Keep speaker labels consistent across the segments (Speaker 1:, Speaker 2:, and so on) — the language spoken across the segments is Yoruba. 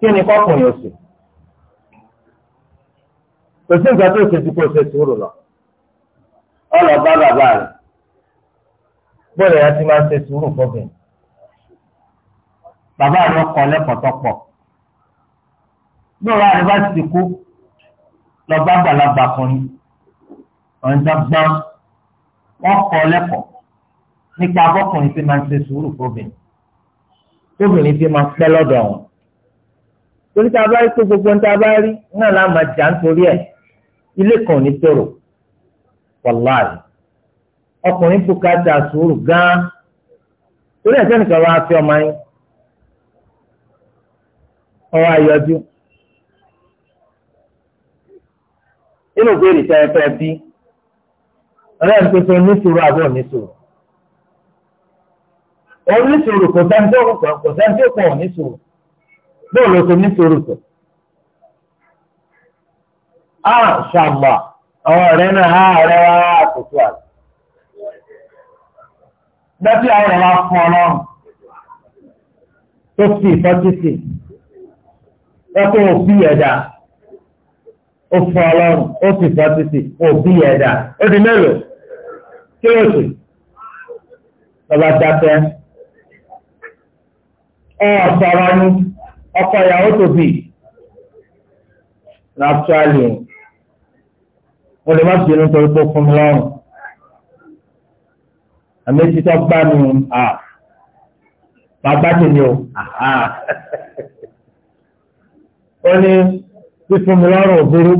Speaker 1: kí ni kọkùnrin oṣù kò sí nǹkan tó ṣe ju kó ṣe sùúrù lọ ọ lọ bá bàbá rẹ bóyá ẹ ti máa ṣe sùúrù fọbìnrin bàbá rẹ kọ lẹ́kọ̀ọ́ tó pọ̀ bóyá rẹ bá ti kú lọ bá gbàlagbà kùnrin ọ̀njà gbọ́n wọ́n kọ lẹ́kọ̀ọ́ nípa bọ́kùnrin tí máa ṣe sùúrù fọbìnrin tóbìnrin tí máa pẹ́ lọ́dọ̀ wọn torí tá a bá rí pé gbogbo ń tá a bá rí náà la máa jà nítorí ẹ̀ ilé kan ò ní tòrò wàláì ọkùnrin bùkátà sùúrù gan-an torí ẹ̀sẹ̀ nìkan wá fi ọmọ yín ọwọ́ ayọ́jú inú béèrè tẹ́ ẹ fẹ́ bí ọ̀rẹ́ mi pé nísòro àbọ̀ nísòro òun nísòro kò sẹ́ńtì òkùnkùn kò sẹ́ńtì òkùnkùn nísòro bóòlù tó ní sùúrù tó. a ṣàmà àwọn ọ̀rẹ́ náà á ọ̀rẹ́ wa àtúntò àti. dọ́tí àwọn ọ̀rẹ́ wa fún ọ lọ́rùn tó fi ìtọ́jú sí ẹ̀kọ́ òfin ẹ̀dá ó fún ọlọ́run ó sì fọ́ títì òbí ẹ̀dá ó di mélòó kí ló sì lọ́ba dákẹ́ ẹ ọ̀sọ̀rọ̀ ni ọkọ ìyàwó tó bì lápútálì o lè má bínú torí pé fún mi lọ́rùn àmì títọ́ gbá mi à bàbá tèmi o ó ní fífún mi lọ́rùn òbúrú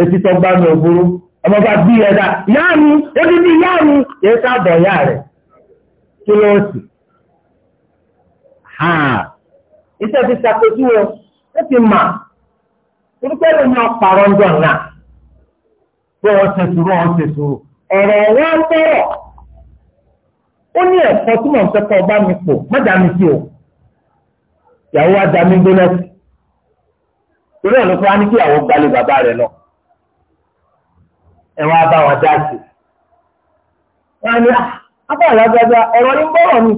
Speaker 1: etí tó gbá mi òbúrú ọmọ bá bí ẹ̀dá ìyá mi ebi bí ìyá mi kì í sábọ̀ ìyá rẹ̀ kí ló sì. iṣẹ́ ti ṣàpèjúwe ó ti mà torípé ló ní ọ̀pàrọ̀ ń dọ̀ pé wọ́n ṣe sùúrù wọ́n ṣe sùúrù ọ̀rọ̀ wọn ó ní tí mò ń fẹ́ kọ́ ọba mi pò má dá mi sí o ìyàwó wa dá mi gbóná sí torí ẹ̀ fún wa ní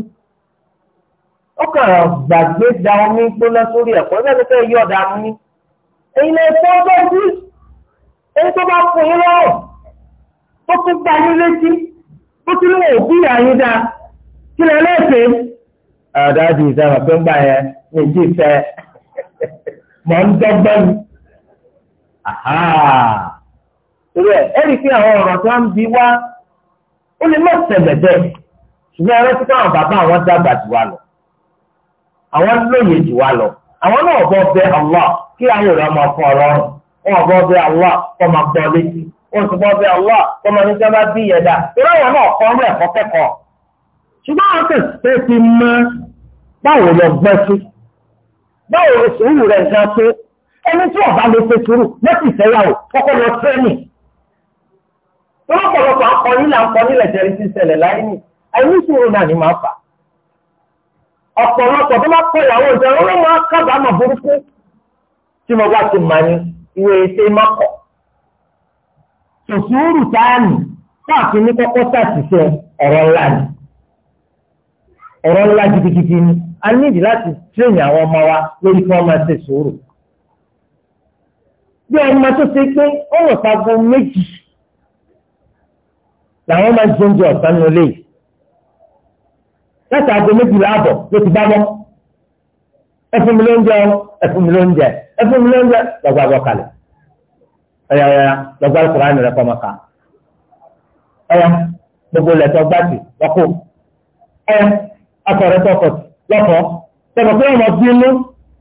Speaker 1: ọkàn gbàgbé da omi gbóná sórí ẹ̀kọ́ ẹgbẹ́ tó fẹ́ yí ọ̀dà mú ní. èyí lè fọ́ ọgbẹ́ sí èyí tó bá fún yín lọ́rùn tó tún gba yín létí tó tún lè bí àyín dáa kí lè lẹ́sẹ̀. àdá di ìsára pé ń gbà yẹn ní ìdí ìfẹ́ mọ̀ ń dọ́gbọ́n mi. torí ẹ ẹ rí i àwọn ọ̀rọ̀ tó ń bi wá ó lè má ṣẹlẹ̀ bẹ́ẹ̀ ṣùgbọ́n ẹ àwọn lóye jù wá lọ àwọn náà bọ́ bẹ Allah kí ayé rẹ̀ máa fún ọlọ́run wọn bọ́ bẹ Allah kọ́ máa gbọ́ létí wọn sì bọ́ bẹ Allah kọ́ máa ní sẹ́ bá bí ìyẹ̀dá ìrọ̀ wọn náà kọ́ ọmọ ẹ̀kọ́ kẹ́kọ̀ọ́ ṣùgbọ́n àwọn tẹ̀sítẹ́ ti mọ báwo lọ gbẹ́ sí báwo lọ sùúrù rẹ̀ gan tó ẹni tí ọba lè ṣe sùúrù lọ́sì ìfẹ́yàwó kọ́kọ́ lọ tẹ́ẹ̀nì lọ́pọ̀lọpọ̀ akọni là ń nílẹ̀ jẹ́rìí ti ṣẹlẹ̀ láyé ọ̀pọ̀lọpọ̀ tó máa kọ ìyàwó ìjọ ló máa kábàámọ̀ burúkú tí mo bá ti mà ní ìwé ètè mọ́kọ̀. Sòsúrù táàmì káàfin ní kọ́kọ́ sàtìsẹ́ ọ̀rọ̀ ńlá ni. ọ̀rọ̀ ńlá gidigidi ni a nídìí láti tírèyìn àwọn ọmọ wa lórí kí wọ́n máa ṣe sòrò. Bí ọmọ tó ṣe pé ọ̀rọ̀ sago méjì làwọn máa jẹun jẹ ọ̀sán nulẹ̀ yìí láti aago méjìlá àbọ̀ ló ti bá bọ́ ẹfun mi ló ń jẹ ẹfun mi ló ń jẹ ẹfun mi ló ń jẹ lọ́gbà bọ́ kalẹ̀ ẹ̀yà ẹ̀yà lọ́gbà kùránì rẹ̀ kọ́mọ ká ẹ̀yà gbogbo lẹ́tọ̀ gbàtì lọ́kọ̀ ẹ̀yà akọ̀rẹ́ tọkọ̀ lọ́kọ̀ tọkọ̀ pé ọmọ bínú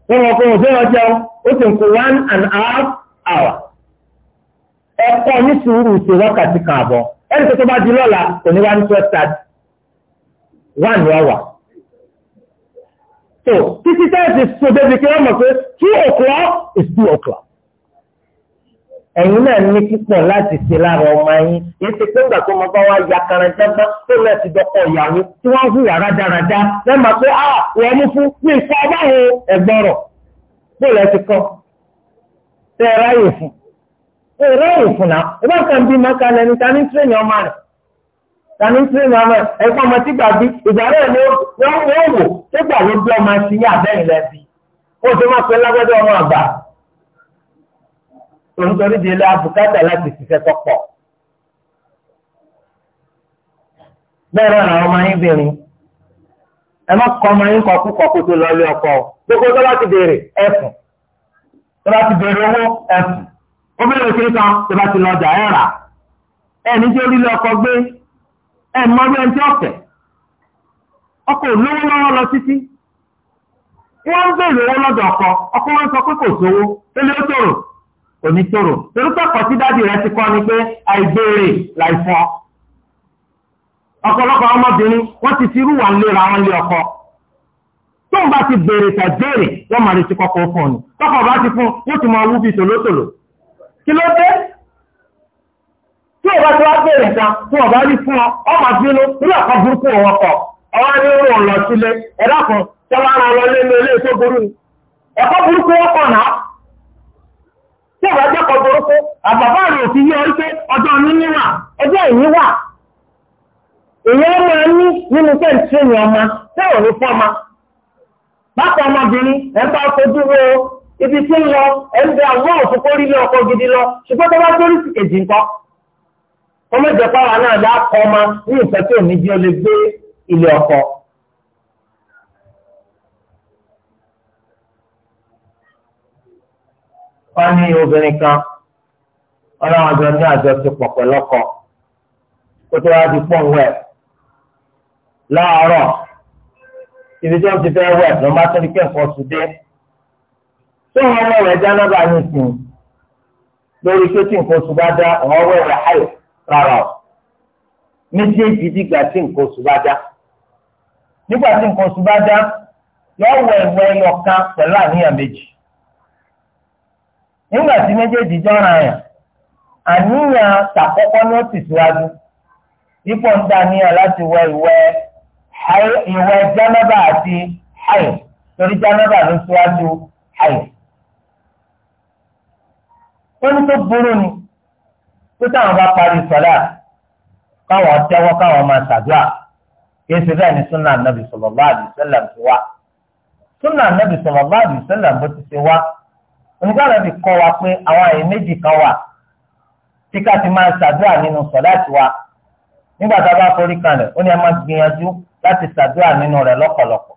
Speaker 1: wọn kọ́ ọ̀sẹ̀ wọn jẹun ó sì ń kó one and a half hour ẹ̀kọ́ ní sùúrù ṣe wákàtí kan àbọ̀ ẹnì tó tó bá di lọ́la kò ní wá ní twelve thirty. one hour So títí táàsì so débi kí two o'clock is two o'clock. Ẹ̀yin náà ní pípọ̀ láti ṣe lára ọmọ yín. Yìí ti pé gbàgbọ́ ọmọ bá ya tó dọ́kọ̀ ìyàwó tí wọ́n hùwà rádaràda. Lẹ́mọ̀ pé a ah, wọ́n mú fún ẹ̀gbọ́rọ̀. ti kọ́. Ṣé ẹ ráyè fún? Ẹ ráyè fún náà. bí ta ní tírẹ̀nì tani tí ìlú ọmọ ẹ̀kọ́ ọmọ tí gbàgbé ìgbà náà ni wọ́n wò tó gbà ló bí ọmọ sí ní abẹ́yìn lẹ́bi ó tó máa pẹ́ lágbẹ́dẹ́ ọmọ àgbà di ilé abùkátà láti ṣiṣẹ́ bẹ́ẹ̀ náà làwọn ẹ má kọ́ ọmọ ọkọ gbogbo tó bá ti tó bá ti owó ó kan tó bá ti lọ ọkọ gbé ẹ mọ ọdún ẹni tí ọ̀fẹ́ ọkọ olówó lọ títí wọ́n ń bèrè owó ọkọ ọkọ wọn sọ pé kò sówó ó tòrò kò ní tòrò torí pẹ̀kọ́ tí rẹ ti kọ ni pé àìbéèrè láìfọ́ Ọpọlọpọ ọmọbìnrin ti fi rúwà wọn lé ọkọ tó ń bá ti bèrè fún ọ bá ti fún tí ọba tí wá bèèrè nǹkan tí ọba rí fún ọ ọmọ bínú nílò ọkọ burúkú wọn kọ ọwọ́ ní ó lọ sílé ẹ̀dá kan tọ́lá ara wọn lé ní ilé tó burú ni ẹ̀kọ́ burúkú wọn kọ̀ náà tí ọba jẹ́ kọ burúkú àbàbà rẹ̀ òfin yí ọ wípé ọjọ́ níní wà ọjọ́ ìní wà ìyẹn máa ní nínú kẹ́ǹtì ní ọmọ tí ò ní fọ́mọ bákan ọmọbìnrin ẹ̀ ń bá fojú wo ibi tí ń lọ ẹ̀ ń bẹ àwọn òfin kórìí lọ ọkọ̀ gidi lọ ṣùgbọ́n tó bá dórí sí kejì nǹkan kọ́mọ̀jọ pàwọn náà dá kọ́ ọmọ ní nǹkan tí òní jẹ́ ó lè gbé ilé ọkọ. wọ́n ní obìnrin kan wọ́n náà jọ ní àjọṣepọ̀ pẹ̀lú ọkọ kó tó wá di pọ́ùn wẹ̀ láàárọ̀ ibi tí wọ́n ti fẹ́ wẹ̀ ló má tó ní kẹ́kọ̀ọ́ sùn dé tó wọn wọ̀ wẹ̀ jáná bá ní sìn lórí pé tí nǹkan oṣù bá dá ọ̀hún wẹ̀ rẹ̀ háyọ̀ rárá o méjèèjì dìgbà tí nǹkan oṣù bá dá nígbà tí nǹkan oṣù bá dá yọ wọ ìwọ ẹyọ kan pẹ̀lú àníyàn méjì nígbà tí méjèèjì jọra yàn àníyàn tàkọ́kọ́ ni ó sì síwájú ipò ń dàníyàn láti wọ ìwẹ ìwẹ jánábà àti hayo torí jánábà ló síwájú hayo. wọ́n ní tó burú ni pé táwọn bá parí sọlá káwọn tẹ́wọ́ káwọn máa ṣàdúrà kìí ṣe bẹ́ẹ̀ ni sunna anabi sallallahu alaihi wasallam ti wá sunna anabi sallallahu alaihi wasallam bó ti ṣe wá onígbàlá ti kọ́ wa pé àwọn àyè méjì kan wà tí ká ti máa ṣàdúrà nínú sọlá ti wá nígbà tá a bá forí kalẹ̀ ó ní a máa gbìyànjú láti ṣàdúrà nínú rẹ̀ lọ́pọ̀lọpọ̀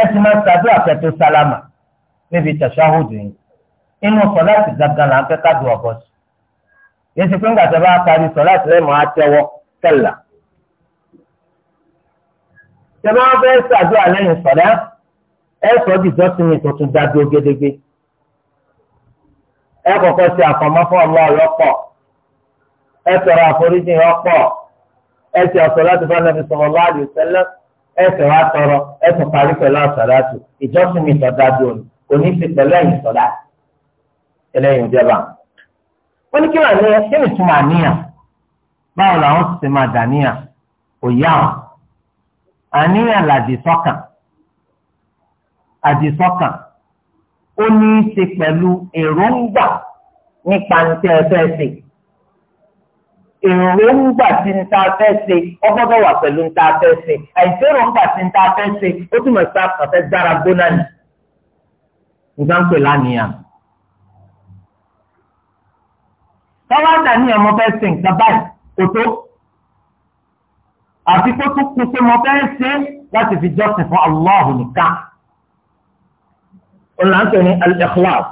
Speaker 1: ẹ ti máa ṣàdúrà pẹ̀tọ́ sálámà níbi tẹ̀síwájú yìí inú sọlá ti gàgànlá ń fẹ́ ká yẹn ti pé ńgbà tó bá parí sọlá tẹ́lẹ̀ mọ́ àtẹ́wọ́ tẹ́lá. tẹ́lá wọn fẹ́ ṣàdúrà lẹ́yìn sọ̀dá ẹ sọ dìjọ́ sí mi tó tún dájú gédégbé. ẹ kọ́kọ́ ṣe àfọ̀mọ́ fún ọmọ ọlọ́pọ̀ ẹ tọrọ àforíjì ọpọ̀ ẹ ti ọ̀sọ̀ láti bá nàbí sọ̀rọ̀ láàdì sẹ́lẹ̀ ẹ sì wá tọrọ ẹ sì parí pẹ̀lú àṣàlátù ìjọ́sìn mi tọ́ dájú òní kò ní í pẹ̀lú ẹ̀yìn sọ̀dá ẹlẹ́yìn ìjọba wọ́n ní kí wà ní kí ni túmọ̀ àníyàn báwo làwọn sì ti máa dàníyàn kò yá o àníyàn làdìsọ́kàn àdìsọ́kàn ó ní í ṣe pẹ̀lú èròǹgbà nípa nǹkan ẹ̀fẹ́ ṣe èròǹgbà tí ń ta fẹ́ ṣe ọgbọ́dọ̀ wà pẹ̀lú ń ta fẹ́ ṣe àìsí èròǹgbà tí ń ta fẹ́ ṣe ó túmọ̀ sí àkàtẹ́ dára gbóná ni nǹkan pè lánìyàn. tọ́wọ́ àtàní ẹ̀ mo fẹ́ ṣe nǹkan báyìí kò tó àfi kó tún kú pé mo fẹ́ ṣe láti fi jọ́sìn fún Allahu nìkan olùlànà ní al-ikhlas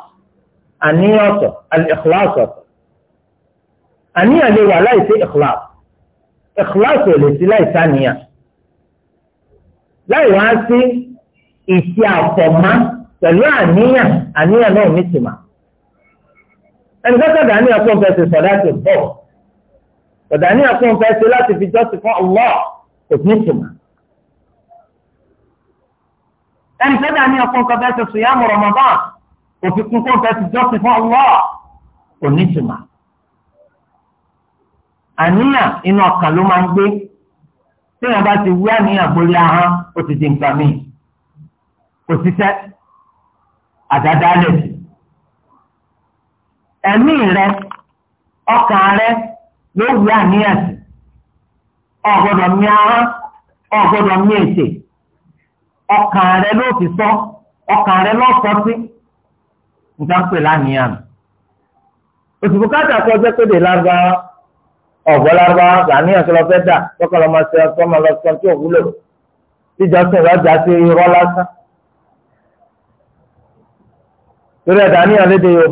Speaker 1: àníyàn ọ̀tọ̀ al-ikhlas ọ̀tọ̀ àníyàn lè wà láì sí ikhlas ikhlas ò lè sí láì sáníyàn láì wá sí ìṣe àfọ̀mọ́ pẹ̀lú àníyàn àníyàn náà ní tìmọ̀ ẹni kọ́kọ́ dání ọ̀pọ̀ nǹkan ṣe sọ̀dá ti bọ̀ sọ̀dá ní ọ̀pọ̀ nǹkan ṣe láti fi jọ́sìn fún ọlọ́ kò ní ìtumọ̀. ẹni kọ́kọ́ dání ọ̀pọ̀ nǹkan ṣe sùyàmù Ramadan kò fi kún nǹkan ṣe jọ́sìn fún ọlọ́ kò ní ìtumọ̀. àníyàn inú ọkàn ló máa ń gbé téèyàn bá ti wí àníyàn gbórí ahọ́n ó ti di nǹkan míì kò ṣiṣẹ́ àdáda lẹ̀ ẹ̀mí rẹ ọkàn rẹ ló wí àníyàn sí ọ̀gbọ́dọ̀ mi ahọ́n ọ̀gbọ́dọ̀ mi ètè ọkàn rẹ ló sọ ọkàn rẹ ló sọ sí nǹkan pè lánìyàn òṣùpù káàtà kọ jẹ́ kéde lárúbáwá ọ̀gbọ́n tó lọ fẹ́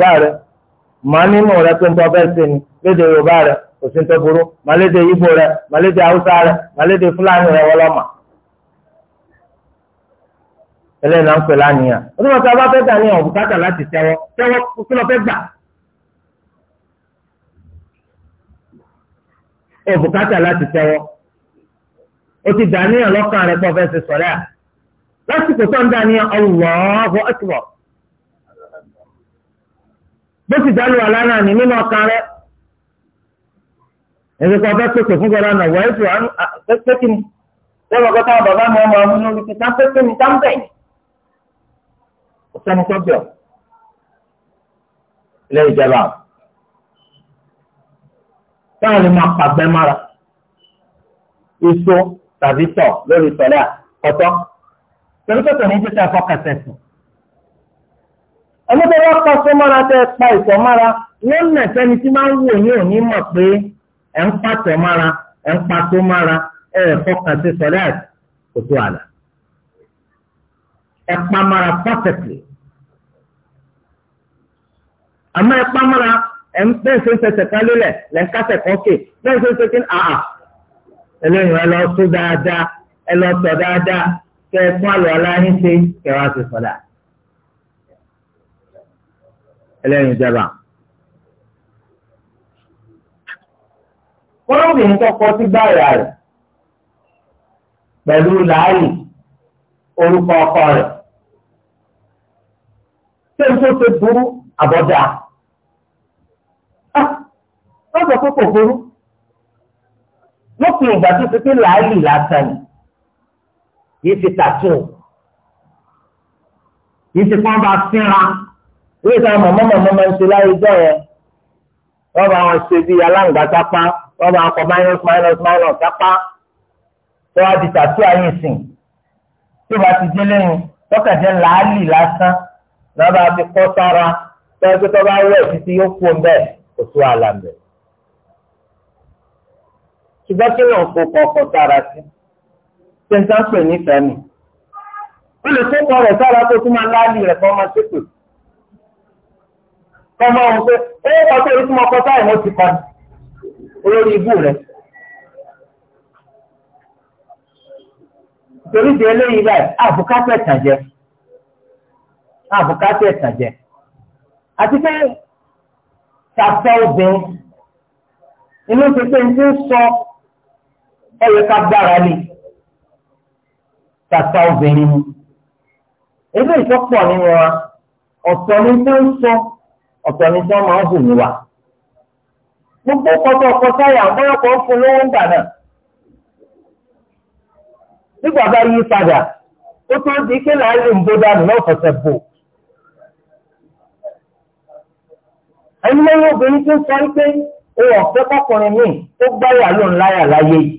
Speaker 1: dà màá nínú rẹ pé nítorí ọbẹ̀ ṣe ni léde yorùbá rẹ kò sí nítorí burú màá léde ibo rẹ màá léde haúsá rẹ màá léde fúlàní rẹ wọlọ́mà. eléyìí náà ń pè láníyàn onímọ̀ tí a bá fẹ́ gbà ní ọ̀hún bùkátà láti tẹ́wọ́ tẹ́wọ́ kí lọ́ọ́ fẹ́ gbà. ọ̀ bùkátà láti tẹ́wọ́ o ti dàníyàn lọ́kàn rẹ pọ̀ fẹ́ ṣe sọ̀rẹ́ à lásìkò tó ń dàníyàn Allahu akbar bó sì dálé wà lánàá ní nínú ọkàn rẹ ẹ̀sìn kan fẹ́ pèsè fún gbọ́dọ̀ náà wọ́n ètò pẹ́kì ni ṣé wọ́n kọ́ta bàbá mi ọmọ ọmọ lórí ti sáńpẹ́ pé mi sáńpẹ́ yìí kò sẹ́ni tó bẹ̀ ọ́ ilé ìjọba táwọn lè máa pàgbẹ́ mára iṣu tàbí tọ̀ lórí tọ̀lá ọ̀tọ̀ torí pé tòun ní títà fọkàtẹ̀sùn ẹlẹ́bẹ̀ wá pa sọ́mọ́ra tẹ́ pa ìsọ̀mọ́ra wọ́n nà sẹ́ni tí máa ń wò ní òní mọ̀ pé ẹ̀ ń pa sọ́mọ́ra ẹ̀ ń pa sọ́mọ́ra ẹ̀ fọkàn sí sọ́láàtì kò tó àlà. ẹ̀ pa mara perfectly. àmọ́ ẹ̀ pa mara ẹ̀ ń bẹ́ẹ̀ ṣe ń fẹsẹ̀ kan lélẹ̀ lẹ́ ń kásẹ̀ kan kè bẹ́ẹ̀ ṣe ń ṣe kí ni àà ẹlẹ́yìn ẹ lọ sún dáadáa ẹ lọ sọ dáadáa kẹ ẹ fún àlọ́ aláhìn ṣe kẹwàá ti sọ̀dáàtì ẹlẹ́yin jẹba. wọ́n lóde ní kọ́kọ́ sí gbáyà rẹ̀ pẹ̀lú làálì orúkọ ọkọ rẹ̀ ṣé n tó ṣe burú àbọ̀dá ah, wọ́n sọ pé kò burú lópin ìgbà tó ti pé làálì lásán yìí ti tàtó yìí ti pọ́n bá fínra ìwé sáà mọ̀mọ́ mọ̀mọ́ máa ń ṣe láyé jọ yẹn wọ́n máa wọn ṣe bí aláǹgbá sápá wọ́n máa kọ minus minus minus sápá tó wá di tàtú ayé sìn tó bá ti délé yín tọ́kàjẹ́ làálì lásán náà bá fi kọ́ sára tọ́jú pé tó bá wẹ̀ títí yóò kú ń bẹ́ẹ̀ kò tó àlà ń bẹ̀. ṣùgbọ́n kí ló ń kó kọ́kọ́ sára sí ṣe ń sáńpẹ̀ nífẹ̀ẹ́ mi. ó lè tó kọ́ rẹ̀ sára tó tún máa láálì rẹ̀ kọ́ máa ṣépè kọ́mọ́ ohun pé ó kọ́ tó orí tí mo kọ́ sáà ìwọ́n ti pa olórí ibú rẹ̀. torí di eléyìí báyìí àbùkátà ẹ̀tàn jẹ àbùkátà ẹ̀tàn jẹ àti pé tàfẹ́ obìnrin inú ti pé ní sọ ẹ̀yẹ ká gbára lé tàfẹ́ obìnrin ni eléyìí tó pọ̀ nínú wa ọ̀tọ̀ ni tó ń sọ ọ̀tọ̀ ni sọ́ọ́ máa ń hù níwà. gbogbo kọ́tọ́ kọ́tọ́ yà ọ̀pọ̀lọpọ̀ ń fún lówó ń gbà náà. nígbà bá yí padà ó tó di pé láàyè ń bó dànù náà fọ̀sẹ̀ bò. ẹni lẹ́yìn obìnrin tó ń sọ pé òun ọ̀fẹ́ kọkùnrin míì tó gbáyà ló ń láyà láyé yìí.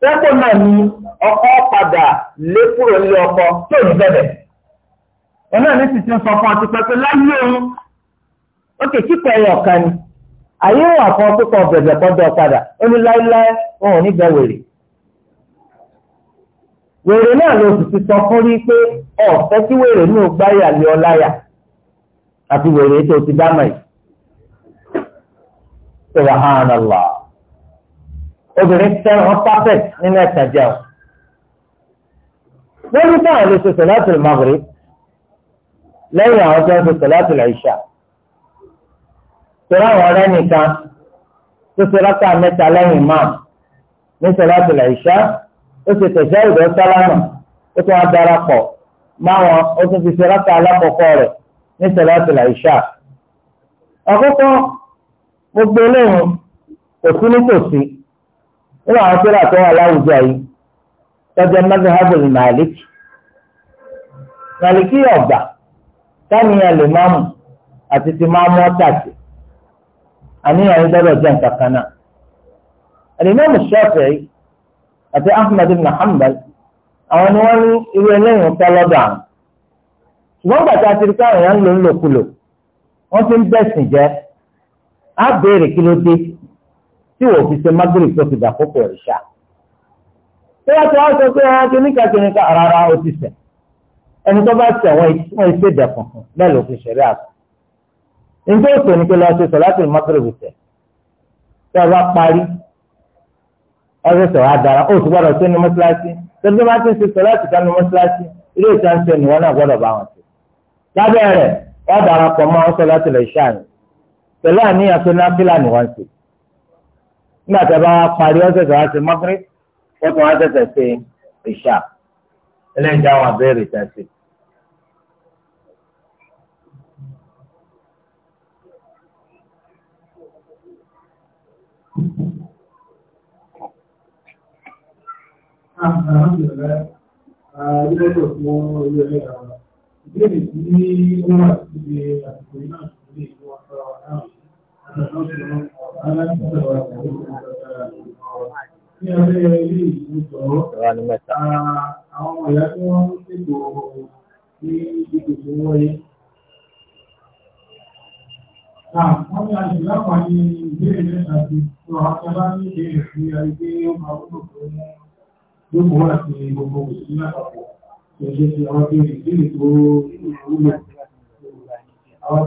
Speaker 1: Tẹ́kọ̀ náà ni ọkọ padà lé kúrò nílé ọkọ tó ń bẹ̀rẹ̀. Ẹ náà ní sì ti ń sọ fún ọtí pẹ́pẹ́ láyé òun ó kè kíkọ ẹyọ kan ni àyè wà fún ọkọ bẹ̀bẹ̀ kọjọ padà ó ní láéláé wọn ò ní bẹ wèrè wèrè náà ló sì ti sọ fún rí pé ọ̀fẹ́ tí wèrè ní o gbáyà lé ọ láyà àti wèrè tó ti dámà yìí subhanallah obìnrin fẹ́ràn perfect nínú ẹ̀sán jẹun lórí táwọn lè ṣe sọ̀láàtì maghrib lẹ́yìn àwọn tó ń ṣe sọ̀láàtì ìṣà tọ́lá àwọn ọ̀rẹ́ nìkan tó ṣe rákà mẹ́ta lẹ́yìn máa ní sọ̀rọ̀ àtìlẹ̀ ìṣá ó ṣe tẹ̀sẹ̀ ìdọ́ sálámà ó tún á darapọ̀ máwọn ó tún fi ṣe rákà alákọ̀ọ́kọ́ rẹ̀ ní sọ̀rọ̀ àtìlẹ̀ ìṣá. àkọ́kọ́ gbogbo eléyìí kò sí nítòsí nínú àwọn tó tó wà láwùjọ yìí tọ́jú mazhabul màlíkì màlíkì ọ̀gbà táníyàn lè máàmù àti ti máàmù ọ̀tàkì àníyàn yìí gbọ́dọ̀ jẹ́ nǹkan kan náà. Al-Imam Shafi'i àti Ahmad ibn Hanbal àwọn ni wọ́n ní irú eléyìí pẹ́ lọ́dọ̀ àwọn. ṣùgbọ́n gbàtà àti ríkà èèyàn ń lò ń lòkulò wọ́n ti ń bẹ̀sìn jẹ́ á béèrè kí ló dé tí wò fi ṣe magrib tó fi dà kókò ìṣá. tí wọ́n sọ pé wọ́n ah, ti níka kìnnìkan rárá ó ti ṣẹ̀ ẹni tó bá ṣẹ̀ wọ́n ìṣèdẹ̀kùn nítorí òsè ni pé lọ ṣe sọ̀láṣì mọ́tòrìbù tẹ̀ tẹ́ ọ bá parí ọ̀sẹ̀sẹ̀ wa dára ó sì gbọ́dọ̀ sẹ́nu mọ́ṣáláṣí tẹ́lifí bá ti ṣe sọ̀láṣì kánú mọ́ṣáláṣí ilé ìtànṣẹ́ ni wọ́n náà gbọ́dọ̀ bá wọn ṣe. lábẹ́ rẹ̀ wọ́n darapọ̀ mọ́ àwọn sọ̀láṣì lè ṣàní pẹ̀lú àníyàn pé náfìlà ni wọ́n ṣe. nígbà tí a bá parí ọ̀sẹ̀sẹ̀ wa ṣe Ìbéèrè tí ó tí wọ́n ń ṣètò ní ìdìbò tó wọ́yé. Àwọn ni a ṣe lápàá ní ìbéèrè ní ìbéèrè sí àrígbé gbogbo wà sí gbogbo òṣìṣẹ́ lápapọ̀ ẹgbẹ́ tí àwọn tí ó rí tó wúlò àwọn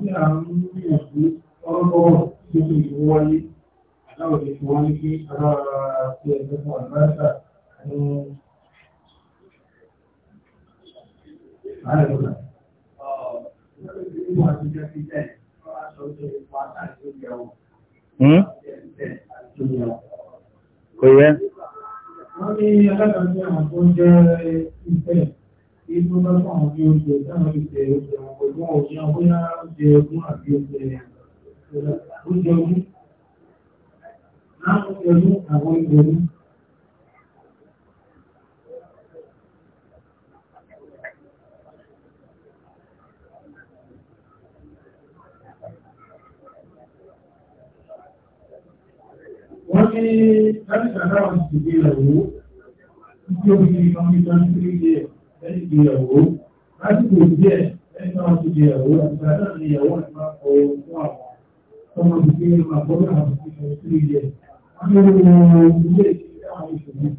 Speaker 1: tí a ń gbìyànjú Mm-hmm kò yẹ. wọ́n ní alágbàmí àwọn tó ń jẹ́ ìfẹ́ ìlú bá fún àwọn bí oúnjẹ táwọn ìfẹ́ oúnjẹ àwọn pẹ̀lú oúnjẹ bóyá oúnjẹ ogún àbí oúnjẹ oúnjẹ ogún láwọn oúnjẹ ogún àwọn oúnjẹ ogún ní láti sàdáwọn ti ìgbéyàwó tí ó fi ọmọ ìtàn sí ilé ẹni ìgbéyàwó láti kò díẹ̀ ẹni náà ti ìgbéyàwó àti sàdáwọn ìyàwó àti máa kọ fún àwọn ọmọ ìgbéyàwó àkọ́bẹ̀ àwọn ìgbéyàwó sí ilé. Wọ́n ní ó ilé ìgbéyàwó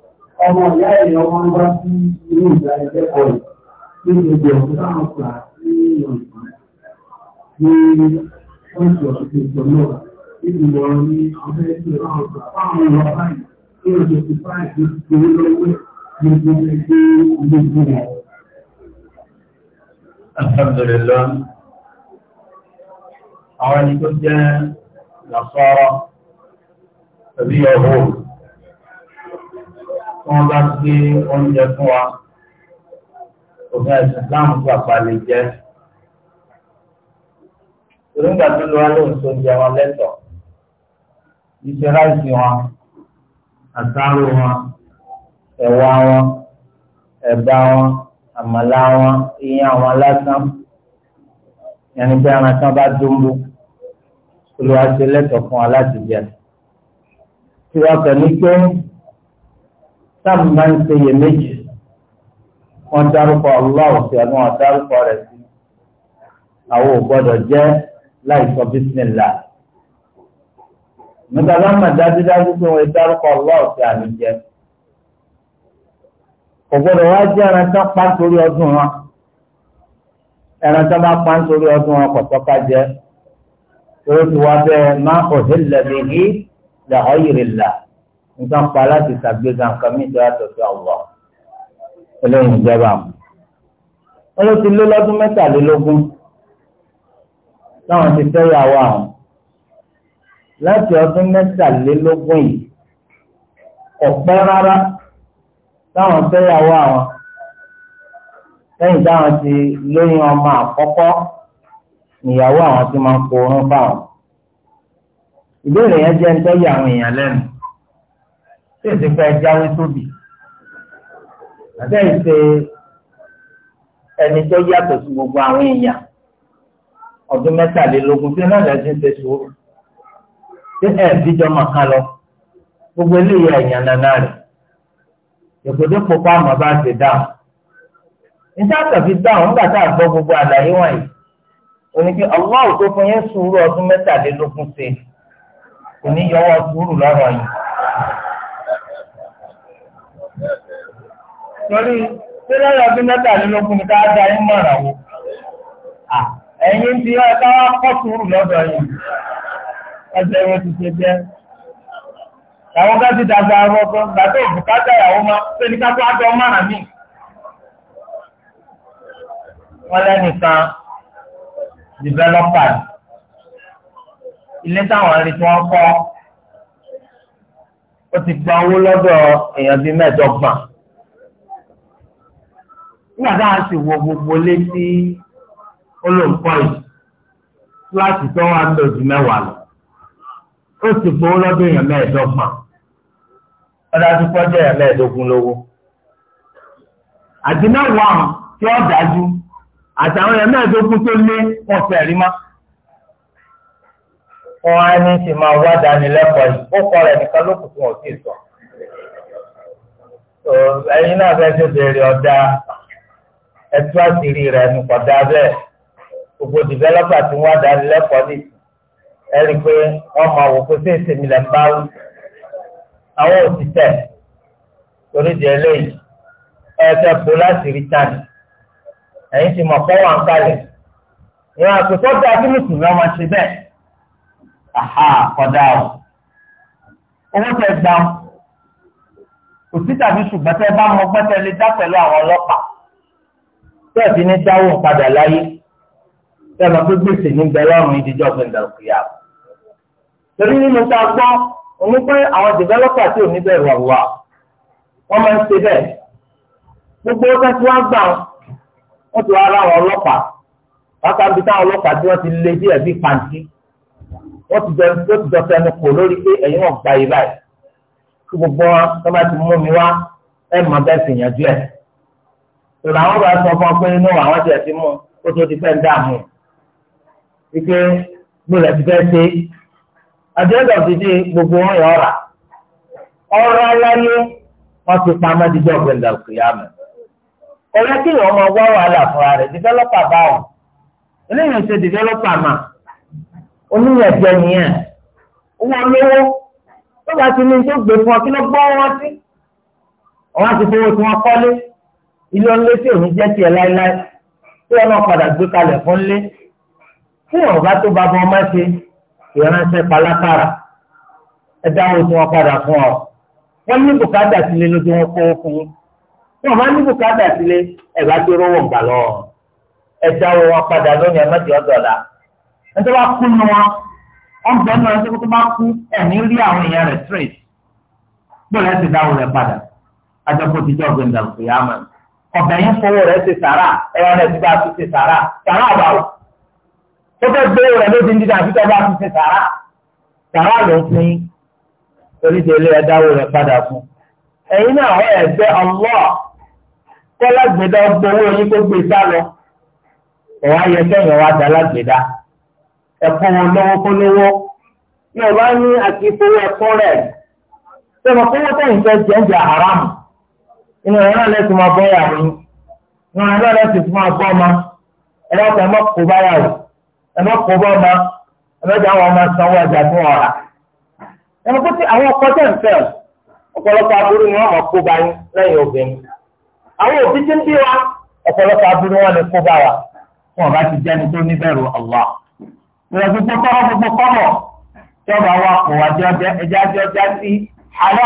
Speaker 1: ọmọ ìyá ẹ̀ ọmọ bá sí ilé ìgbà ìkẹ́kọ̀ọ́ rẹ̀ ní gbogbo ọ̀pọ̀ táwọn pa ní ọ̀sán ní ọ̀sán ìjọ náà nínú wọn ní ọ̀fẹ́ ìjọ náà pa fáwọn ọmọ ní ọjọ́ ti àwọn ẹni tó jẹ́ Nasara, tàbí Yahoo, wọ́n bá gbé oúnjẹ fún wa òfin ẹ̀sìn láwọn gbà balẹ̀ jẹ́ èròǹgbà tó lọ́wọ́ lóun tó jẹ wọn lẹ́tọ̀ọ́ iṣẹ́ ráìsì wọn àsáró wọn ẹ̀wà wọn ẹ̀bà wọn àmàlà wọn iyán wọn lásán ẹni tí ara kan bá dúró olùwàṣẹ lẹ́tọ̀ọ́ fún wa láti jẹ tí wọ́n kàn ní pé táàmù bá ń ṣe yẹ méjì wọ́n dárúkọ Allah sí àbí wọ́n dárúkọ rẹ̀ sí àwọn ògbọ́dọ̀ jẹ́ láì sọ bísímìlà nígbà bá mà dájúdájú pé wọ́n dárúkọ Allah sí àmì jẹ́ kò gbọ́dọ̀ wá jẹ́ ẹran tán pa nítorí ọdún wọn ẹran tán bá pa nítorí ọdún wọn kò tọ́ka jẹ́ torí ti wá bẹ́ẹ̀ má òhìlẹ̀ bìí làhọ́yìrìlà nǹkan pa láti ṣàgbéga nǹkan mí ìjọba tọ̀tọ̀ àwọ̀ ẹlẹ́yìn ìjọba wọn ló ti lé lọ́dún mẹ́tàlélógún táwọn ti fẹ́ yàwó àwọn láti ọdún mẹ́tàlélógún yìí ọ̀pẹ́ rárá táwọn fẹ́ yàwó àwọn lẹ́yìn táwọn ti lóyún ọmọ àkọ́kọ́ níyàwó àwọn ti máa ń korun fáwọn ìbéèrè yẹn jẹ́ ń tọ́jú àwọn èèyàn lẹ́nu tí èsì pé ẹ jáwé tóbi àti ẹ̀sẹ̀ ẹni tó yàtọ̀ sí gbogbo àwọn èèyàn ọdún mẹ́tàlélógún tí náà lẹ́sìn ṣe sùúrù tí ẹ̀ fíjọ́ màkà lọ gbogbo eléyìí ẹ̀yàn nana rẹ̀ ìpèdè pupa àmọ́ bá ti dáhùn níta àtàfi dáhùn nígbà tá a gbọ́ gbogbo àlàyé wọ̀nyí òní pé ọlọ́wọ́ tó fún yẹn sùúrù ọdún mẹ́tàlélógún ṣe kò ní yọwọ́ sùúrù lọ́rọ̀ yìí. torí tí lọ́yọ̀ bí mẹ́ta nínú fún mi káà dá yín mọ̀ràn o.
Speaker 2: Ẹ̀yin ti yọ ẹ̀ka wá pọ̀
Speaker 1: sùúrù lọ́dọ̀ yìí. Ẹsẹ̀ wo ti ṣe jẹ́? Àwọn ká ti dàgbà àwọn ọkọ, gbàtọ́ òbúkátà ìyàwó máa ṣe ní kápá àtọ́ mọ̀ràn mí. Wọ́n lẹ́nìkan dìvẹ́lọ́pà ilé táwọn ẹni tí wọ́n kọ́ ó ti gba owó lọ́dọ̀ èèyàn bíi mẹ́ẹ̀ẹ́dọ́gbọ̀n nígbà tá a sì wọ gbogbo létí olóńkọ́ yìí kíláàsì tó wà ń lòdì mẹ́wàá lọ ó sì gbowó lọ́dún èèyàn mẹ́ẹ̀ẹ́dọ́gbọ̀n ọ̀dà tó kọjá èèyàn mẹ́ẹ̀ẹ́dógún lówó. àdínáwó àwọn tí ó dájú àtàwọn èèyàn mẹ́ẹ̀ẹ́dógún tó lé wọn fẹ́ rí má. wọn á ní ṣe máa wá dánilẹ́kọ̀ọ́ yìí ó kọ́ rẹ̀ nìkan ló kù fún òkè sọ. ẹ̀yin náà fẹ́ ṣe béèrè ọ̀dà ẹtú àṣírí rẹ̀ ní kọ̀dá bẹ́ẹ̀ gbogbo dìvẹ́lọ́pà tí wọ́n dá lẹ́kọ̀ọ́ ní ẹ rí i pé wọ́n máa wò pé ṣé èsì mi lẹ̀ ń bá wù àwọn òṣìṣẹ́ torí di eléyìí ẹ̀ẹ́dẹ́ bo láti rí tani ẹ̀yin ti mọ̀ kọ́ wà ń kalẹ̀ ìwọ̀n àpòtọ́ bí abínúkù ni wọ́n máa ṣe bẹ́ẹ̀ àhà kọ̀dá o owó tẹ gbà kò sí tàbí ṣùgbọ́n tẹ bá mọ gbẹ́tẹ̀ lé dá pẹ̀lú àwọn ọlọ́pàá tẹ́ẹ̀sì ní dáwọ́ padà láyé tẹ́ẹ̀mọ pé gbèsè ní bẹ̀rẹ̀ ọ̀run ìdíjọ́ gbẹ̀ndàkúyà. torí nínú tá a gbọ́ òní pé àwọn dìvẹ́lọ́pà tí ò ní bẹ̀rù ọ̀wà wọ́n máa ń ṣe bẹ́ẹ̀ gbogbo ó fẹ́ẹ́ tí wọ́n gbà wọ́n ti wá ara àwọn ọlọ́pàá wákà ń bi táwọn ọlọ́pàá tí wọ́n ti lé díẹ̀ bí pàǹtí wọ́n ti jọ fẹnu kò lórí pé ẹ̀yin wọn gbà báyìí gbogbo wọn tó bá ti mú mi wá ẹ̀ mọ̀ bẹ́ẹ̀ sì yànjú ẹ̀ tòlà àwọn bá sọ fún ọ pé inú àwọn ti ẹ̀sìn mú ó tó ti fẹ́ ń dààmú wípé gbọ́dọ̀ ti fẹ́ ṣe àjẹ́dọ̀ ti di gbogbo wọn yọ ọ̀rà ọ̀rọ̀ aláyé wọn ti pamọ́ dídí ọ̀gbìn làkúyàmù ọ̀rẹ́ kí ni ọmọ wá wàhálà fúnra rẹ̀ dìvẹ́lọ́pà báwọn eléyìí ṣe dìvẹ́lọ́pà mà oníyẹ̀jẹ̀ nìyẹn owó olówó tó bá ti ní tó gbé fún ọ kí ló gbọ́ wọn sí ọ̀wá ilé ọlọ́lé tí òun jẹ́ tiẹ̀ láéláé tí wọn náà padà gbé kalẹ̀ fún lé tí wọn bá tó bá bọ́ ọmọ ṣe ìránṣẹ́ palákàrà ẹ dáwọ́ tí wọ́n padà fún ọ. wọ́n ní bùkátà sílé lójú wọn kó fún un wọn máa ní bùkátà sílé ẹ bá tó rówó gbà lọ ẹ dáwọ́ wọn padà lónìí ẹ má jẹ́ ọ̀dọ̀la ẹ tó bá kú nu wọn wọn bẹ náà ẹ tó bá kú ẹ̀mí rí àwọn èèyàn rẹ̀ straight gbọ́dọ̀ ẹ ti dáwọ́ rẹ̀ padà ajọ́kọ̀ ti jọ́ ọ̀gbìn dàgbé yá mọ̀ ní ọ̀bẹ yẹn fọwọ́ rẹ̀ ṣe sàrà ẹran rẹ̀ ti bá tún ṣe sàrà sàrà àbáwò ó fẹ́ gbé rẹ̀ lóde dídá àti tó bá tún ṣe sàrà sàrà ló ń fún yín torí délé ẹ̀dáwó rẹ̀ padà fún ẹ̀yin náà ọ̀ ẹ̀gbẹ́ ọlọ́ọ̀ kọ́lá gbẹdá gbowó yín tó gbé sá lọ ọ̀wá yẹ kẹ́yìn ọ̀wá dá lágbèdá ẹ̀kọ́ wọn lọ́wọ́ kó lówó yóò bá ní àti ìfowó rẹ̀ sọ̀rọ̀ kówó inú ẹ̀ náà lẹ́sìn máa bọ́ yàrá yín inú ẹ̀ náà lẹ́sìn máa bọ́ ọmọ ẹ lọ́kọ̀ ẹ má kó bá yàrá ẹ má ọjà kó ọkọ tẹ̀ ń fẹ́ ọ̀pọ̀lọpọ̀ aburú ni wọ́n mọ̀ kó bá yín lẹ́yìn obìnrin àwọn òbí tí ń bí wa ọ̀pọ̀lọpọ̀ aburú wọn ni kó bá wa ti jẹ́ni tó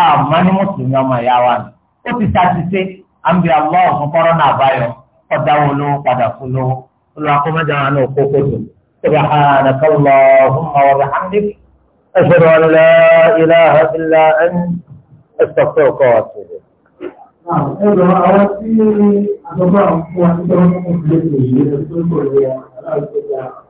Speaker 1: àmọ́ ní mùsùlùmí ọmọ ìyá wa ni ó ti ṣàtìṣe àmì àlọ́ ọ̀fun kọ́rọ́nà àbáyọ ọ̀dà wo lówó padà fún lówó olùwàkọ́mọdé wa náà kó kóso سبحانك اللهم وبحمدك أشهد أن لا إله إلا أنت أستغفرك وأتوب إليك Ẹgbẹ̀rún àwọn tí àjọba àwọn ọmọ ìjọba ọmọ ìjọba ìjọba ìjọba